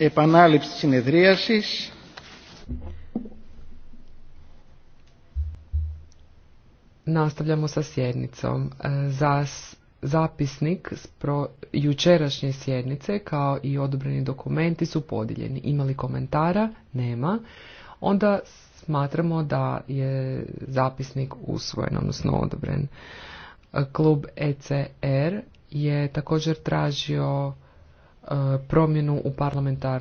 επανάληψη συνεδρίασης. Nastavljamo sa sjednicom. E, za zapisnik pro, jučerašnje sjednice kao i odobreni dokumenti su podijeljeni. Imali komentara? Nema. Onda smatramo da je zapisnik usvojen, odnosno odobren. E, Klub ECR je također tražio promjenu u parlamentarnu